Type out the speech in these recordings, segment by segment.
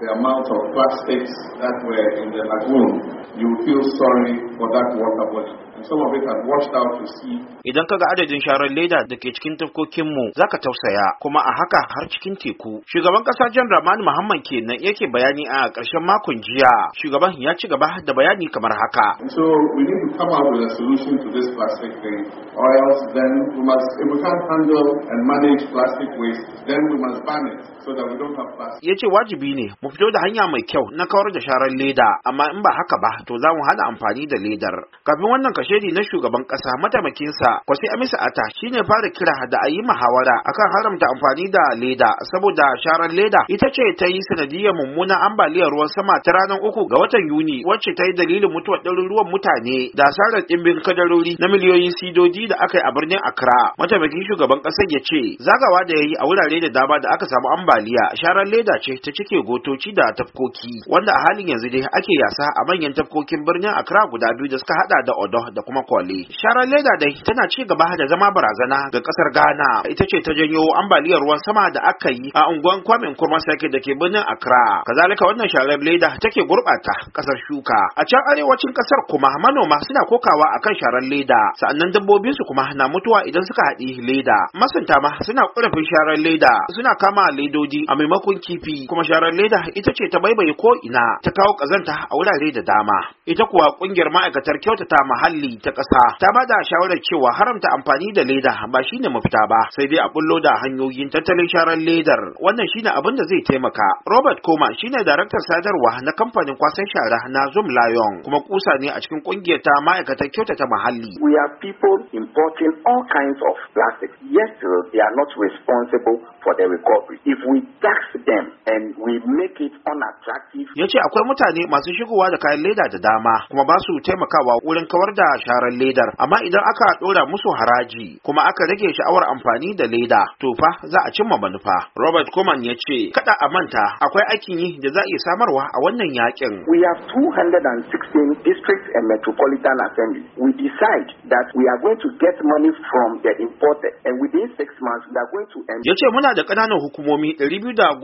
the amount of plastics that were in the lagoon, you feel sorry for that water body. And some of Idan kaga adadin sharar leda da ke cikin tafkokinmu za ka tausaya kuma a haka har cikin teku. Shugaban kasa Jan Ramani Muhammad kenan yake bayani a ƙarshen makon jiya. Shugaban ya ci gaba da bayani kamar haka. So we need to come up with a solution to this plastic thing or else then we must if we can't handle and manage plastic waste then we must ban it so that we don't have plastic. Yace wajibi ne ku fito da hanya mai kyau na kawar da sharar leda amma in ba haka ba to za mu hada amfani da ledar kafin wannan kashedi na shugaban kasa mataimakinsa kwasi amisa ata shine fara kira da a yi muhawara akan haramta amfani da leda saboda sharar leda ita ce ta yi sanadiyar mummunan ambaliyar ruwan sama ta ranar uku ga watan yuni wacce ta yi dalilin mutuwar ɗaruruwan mutane da asarar ɗimbin kadarori na miliyoyin sidodi da aka yi a birnin accra mataimakin shugaban ƙasar ya ce zagawa da ya yi a wurare da dama da aka samu ambaliya sharar leda ce ta cike goto kwatoci da tafkoki wanda a halin yanzu dai ake yasa a manyan tafkokin birnin Accra guda biyu da suka hada da Odo da kuma Kwale. Sharar leda dai tana ci gaba da zama barazana ga kasar Ghana ita ce ta janyo ambaliyar ruwan sama da aka yi a unguwan Kwame Nkrumah Sake da ke birnin Accra. Kazalika wannan sharar leda take gurbata kasar shuka. A can arewacin kasar kuma manoma suna kokawa akan sharar leda sannan dabbobin su kuma na mutuwa idan suka haɗi leda. Masunta ma suna ƙorafin sharar leda suna kama ledodi a maimakon kifi kuma sharar leda ita ce ta baibaye ko ina ta kawo kazanta a wurare da dama ita kuwa kungiyar ma'aikatar kyautata muhalli ta ƙasa ta bada shawarar cewa haramta amfani da leda ba shine mafita ba sai dai a bullo da hanyoyin tattalin sharar ledar wannan shine abin da zai taimaka Robert Koma shine daraktar sadarwa na kamfanin kwasan shara na Zoom Lion kuma kusa ne a cikin kungiyar ta ma'aikatar kyautata muhalli we are people importing all kinds of plastic yet they are not responsible for the recovery if we tax them and we make Ya ce akwai mutane masu shigowa da kayan leda da dama kuma ba su taimakawa wurin kawar da sharar ledar amma idan aka ɗora musu haraji kuma aka rage sha'awar amfani da leda to fa za a cimma manufa. Robert Koman ya ce kada a manta akwai aikin yi da za a iya samarwa a wannan yakin. We have 216 districts and metropolitan assemblies. We decide that we are going to get money from the imported and within six months we are going to end. Ya ce muna da ƙananan hukumomi 216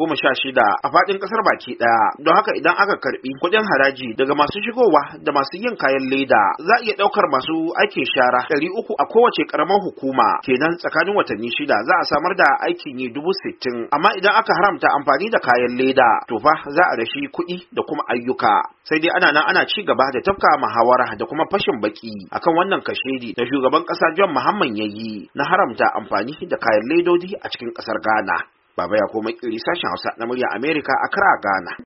a faɗin ƙasar baki ɗaya. Don haka idan aka karbi kuɗin haraji daga masu shigowa da masu yin kayan leda za a iya ɗaukar masu aikin shara ɗari uku a kowace ƙaramar hukuma kenan tsakanin watanni shida za a samar da aikin yi dubu sittin amma idan aka haramta amfani da kayan leda to fa za a rashi kuɗi da kuma ayyuka sai dai ana nan ana ci gaba da tafka muhawara da kuma fashin baki akan wannan kashedi da shugaban ƙasa John Muhammad yayi na haramta amfani da kayan ledodi a cikin ƙasar Ghana. Baba ya koma sashen Hausa na murya Amerika a kira Ghana.